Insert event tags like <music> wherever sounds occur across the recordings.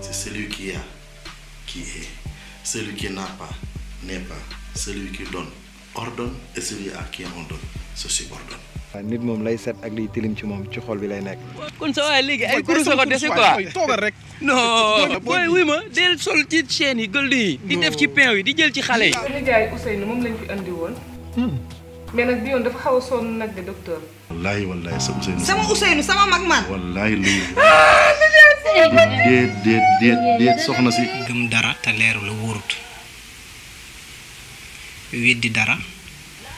c'est celui qui a, qui est. Celui qui n'a pas, n'est pas. Celui qui donne, ordonne et celui à qui on donne se subordonne. waaw nit moom lay set ak li tilim ci mom ci xol bi lay nek. kon sa way léegi ay kuréel ko dese quoi Togal rek. <laughs> non booy oui ma del sol ci chaîne yi gëld di def ci pain yi di jël ci xalé yi. suñu jaay Ousseynou mom lañ fi andi won. Hmm. mais nak bi yoon dafa xaw a sonn de docteur. Wallahi wallahi sa Ousseynou. sama Ousseynou sama mag man. wallaahi luy. déet déet déet déet soxna si gëm dara te leeru la wóorut weddi dara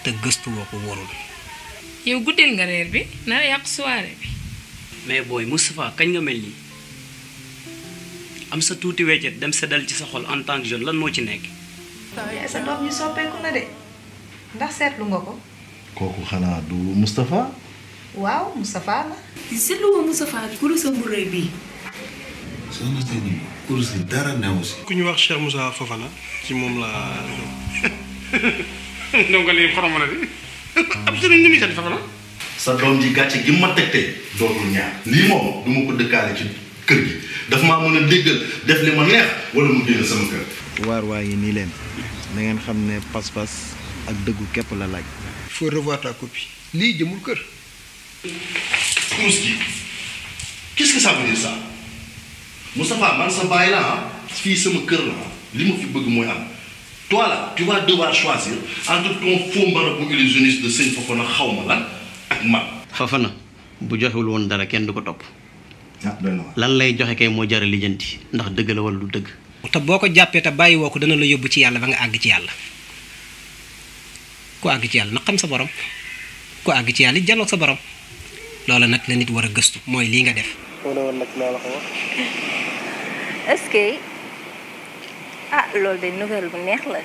te gëstuwoo ko wóorul yow guddeel nga reer bi nara yàq soirée bi mais booy Moustapha kañ nga mel nii am sa tuuti weccet dem seddal ci sa xol en tant que lan moo ci nekk yaay sa doom ñu soppeeku na de ndax seetlu nga ko kooku xanaa du Moustapha waaw Moustapha la seetlu woo Moustapha gulu sa mburéy bii soxna ku ñu wax Cheikh Moussa Fofana ci moom laa. <laughs> donc léegi xorom ab sëriñ ni muy sant Fofana. sa doom ji gàcce gi ma teg tey dootul ñaar. lii moom du ko dëkkaale ci kër gi daf maa mën a déggal def li ma neex wala mu génn sama kër. waar waa nii leen dangeen xam ne pas-pas ak dëggu képp la laaj. il faut revoir lii jëmul kër. kurus gi qu'est-ce que ça veut Moustapha man sa bàyyi la ah fii sama kër la ah. li ma fi beug moy am toi là tu vas devoir choisir entre ton faux marabout illusionniste de sëñ Fofana xawma lan ak man. Fofana bu joxewul won dara kenn du ko top. Ah, lan lay joxe kay mo jar a ndax dëgg la wala du deug. Ta boko ko jàppee te bàyyi dana la yóbbu ci Yalla ba nga ag ci Yalla. Ko ag ci Yalla na xam sa borom Ko ag ci Yalla janoog sa borom. loola nag la nit war a gëstu mooy lii nga def. <laughs> est-ce que ah loolu de nouvelle bu neex la.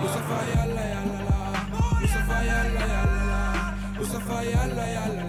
Mustafa yàlla yàlla la Mustafa yàlla yàlla la